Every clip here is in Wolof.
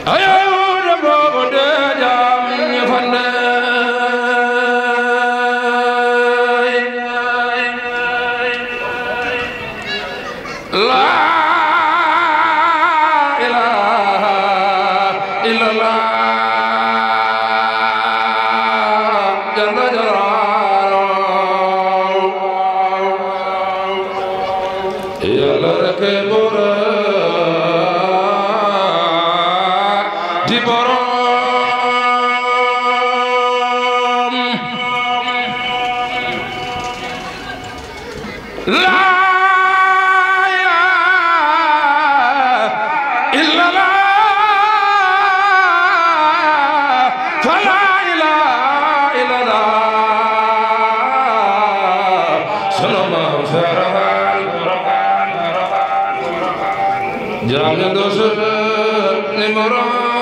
yàlla rekk borom boroom la Jam yang dosa ni marah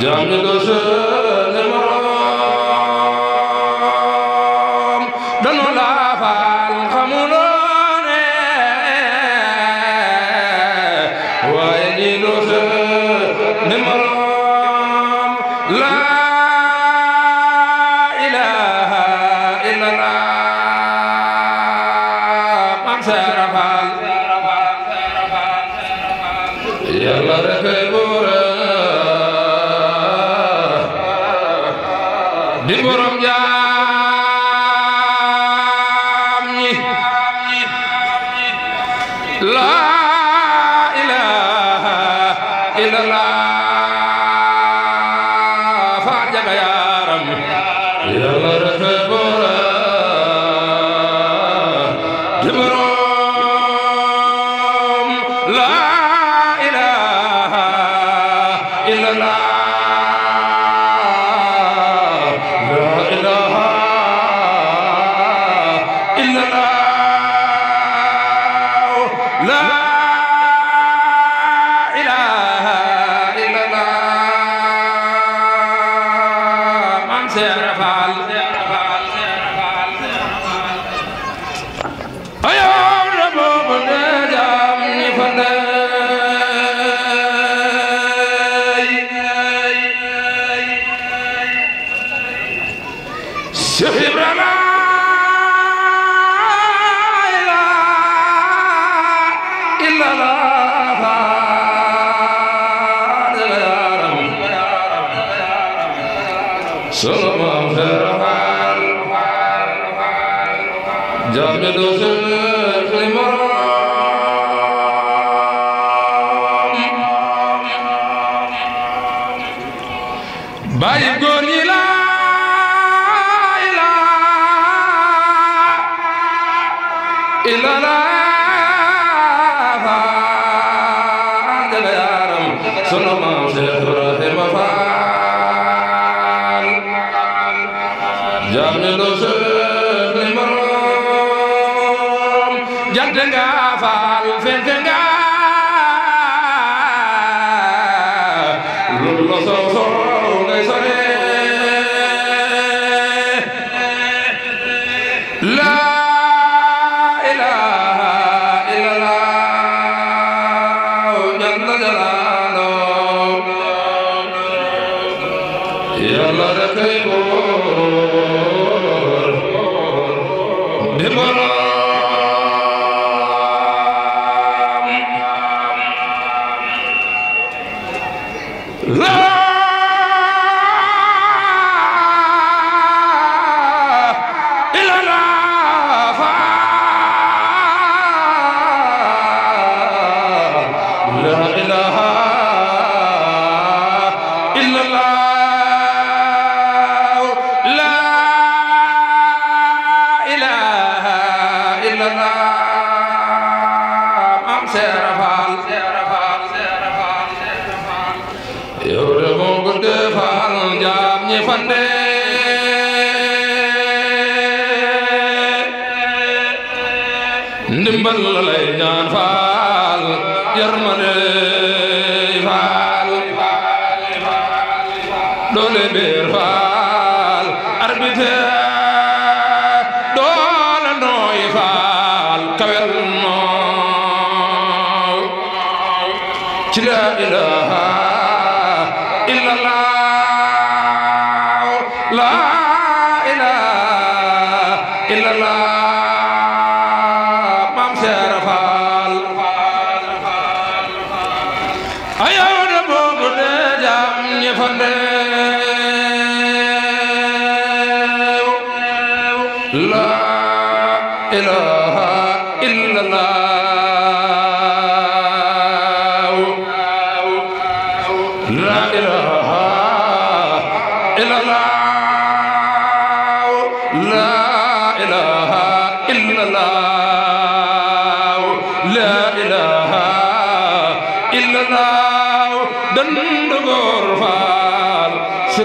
Jangan dosa yàlla rek ay buura di borom jaam ñi la ilaha illallah faa jaga yaaram yàlla rek ay buura di borom la وزلق لمرأة jant nga faal fenk nga ndimbal lay ñaan faal yërmande faal doole beer faal arbitre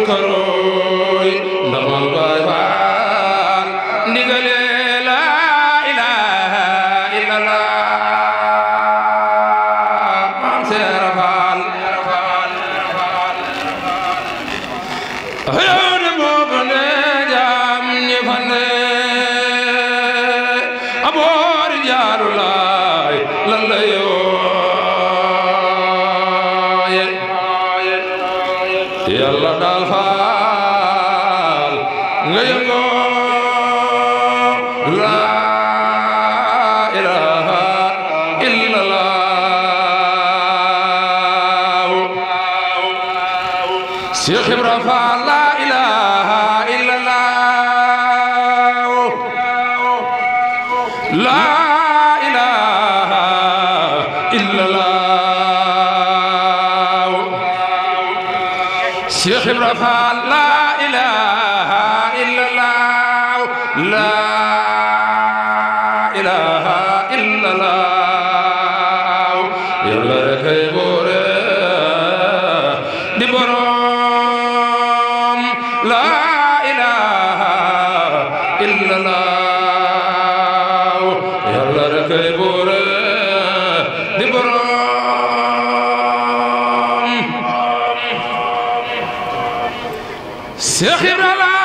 تشكرون yàlla daal faal nga yëngoo Cheikh Ibrahima Fall سخر لا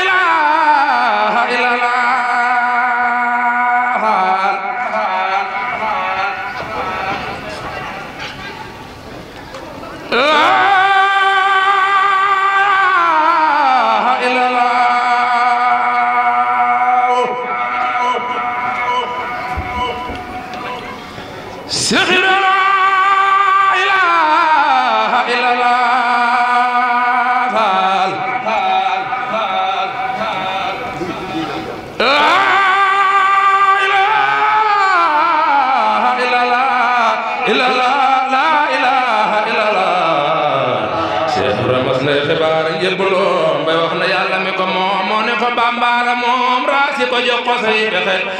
إله إلا الله لا سخر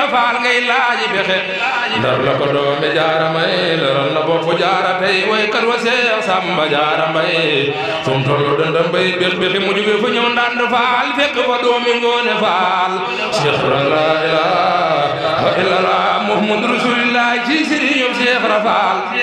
Ibra Faal ngay laaji bexe ndar la ko doomi jaara may leral na bopp jaara tey waykat wa Seex Samba jaara may sum tollu dëndam bay bex bexi mu jóge fa ñëw ndand faal fekk fa doomi ngoone faal Seex la ilaha illallah Muhammadu Rasulillah ci sëriñam Seex Ibra Faal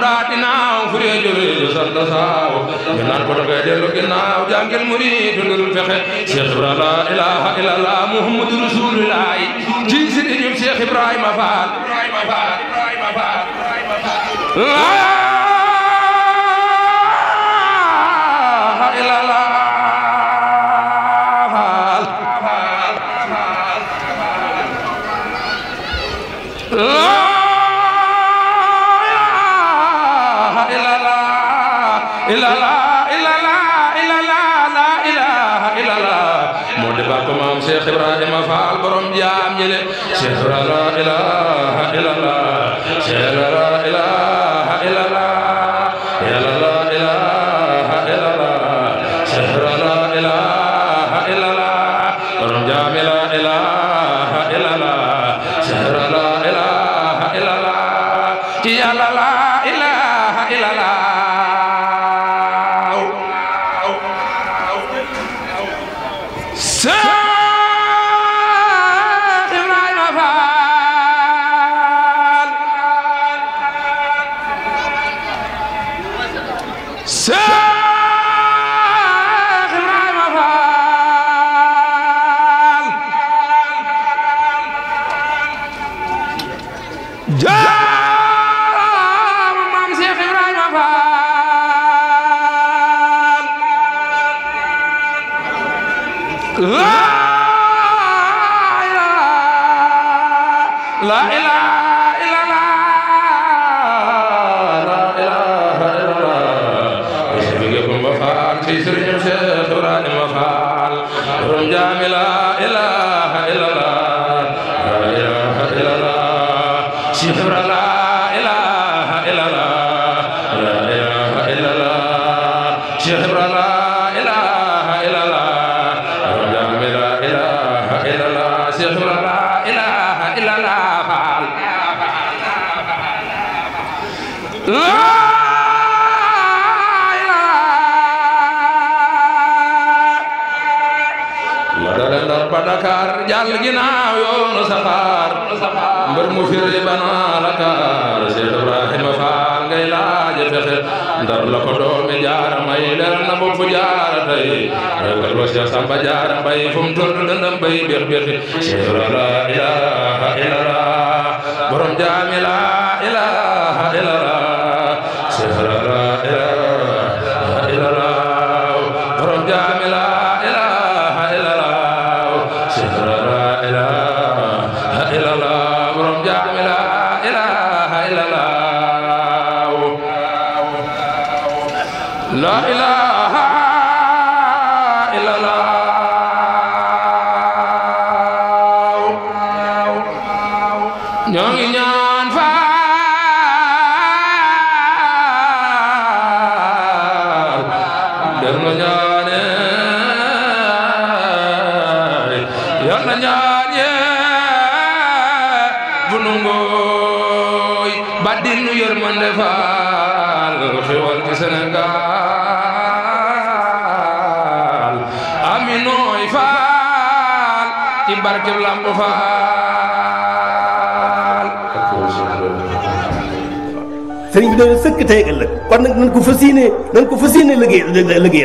daa dinaaw fureejo reejo santa saaw ñu naan ko dangay dellu ginnaaw jàngil muriidu ndurul fexe Cheikh Ibra la ilaha illallah Muhammadu illa la illa la illa la di bàkk maam Ibrahima Fall borom jaam ñële Cheikh la ilaha illa jaarama maam Cheikh Ibrahima Fall la ilaha Ibrahima jàll ginnaaw yoonu safaar mbër mu firi banaa la kaar Cheikh Ibrahima Faal ngay laaja fexe ndar la ko doomi jaara may leer na bopp jaara tey ragal wa Cheikh Samba jaara mbay fu mu toll dëndam bay biix biixi Cheikh la ilaha illallah borom jaami la ilaha illallah sanjaan bu nu ngooy ba dinu yërmande faal xewal ci Sénégal amin nooy faal ci barkeb lamp faal sëriñ bi de sëkk tey ëllëg kon nag nañ ko fas yéene nañ ko fas yéene liggéey liggéey